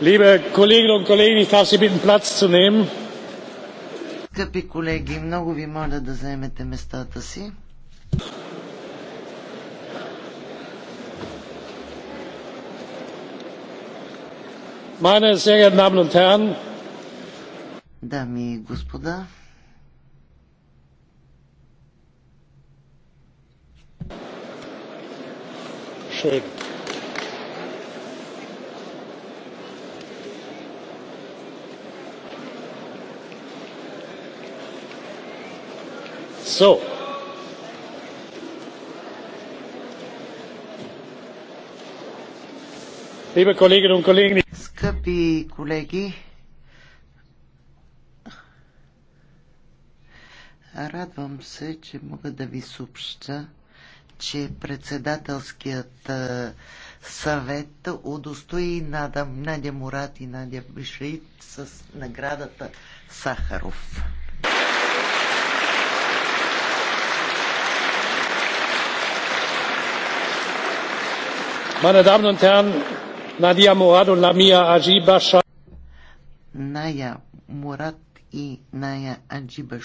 Liebe Kolleginnen und Kollegen, ich darf Sie bitten, Platz zu nehmen. Скъпи колеги, много ви моля да заемете местата си. Meine sehr geehrten Damen und Herren, Дами и господа, Schön. So. Liebe Kolleginnen und Kollegen, Скъпи колеги, радвам се, че мога да ви съобща, че председателският съвет удостои Нада, Надя Мурат и Надя Бишрит с наградата Сахаров. Meine Damen und Herren, Nadia Murad und Lamia Ajibashar. Ная Мурат и Ная Аджиба